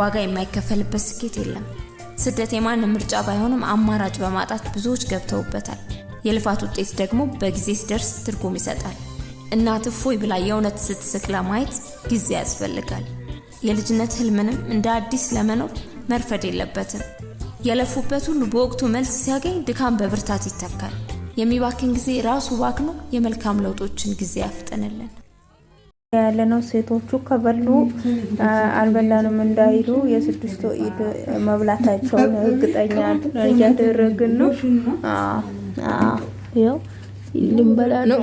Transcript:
ዋጋ የማይከፈልበት ስኬት የለም። ስደት የማንም ምርጫ ባይሆንም አማራጭ በማጣት ብዙዎች ገብተውበታል። የልፋት ውጤት ደግሞ በጊዜ ሲደርስ ትርጉም ይሰጣል። እናት ፎይ ብላ የእውነት ስትስቅ ለማየት ጊዜ ያስፈልጋል። የልጅነት ህልምንም እንደ አዲስ ለመኖር መርፈድ የለበትም። የለፉበት ሁሉ በወቅቱ መልስ ሲያገኝ ድካም በብርታት ይተካል። የሚባክን ጊዜ ራሱ ባክኖ የመልካም ለውጦችን ጊዜ ያፍጠንልን። ያለ ነው። ሴቶቹ ከበሉ አልበላንም እንዳይሉ የስድስቱ ኢድ መብላታቸውን እርግጠኛ እያደረግን ነው። ልንበላ ነው።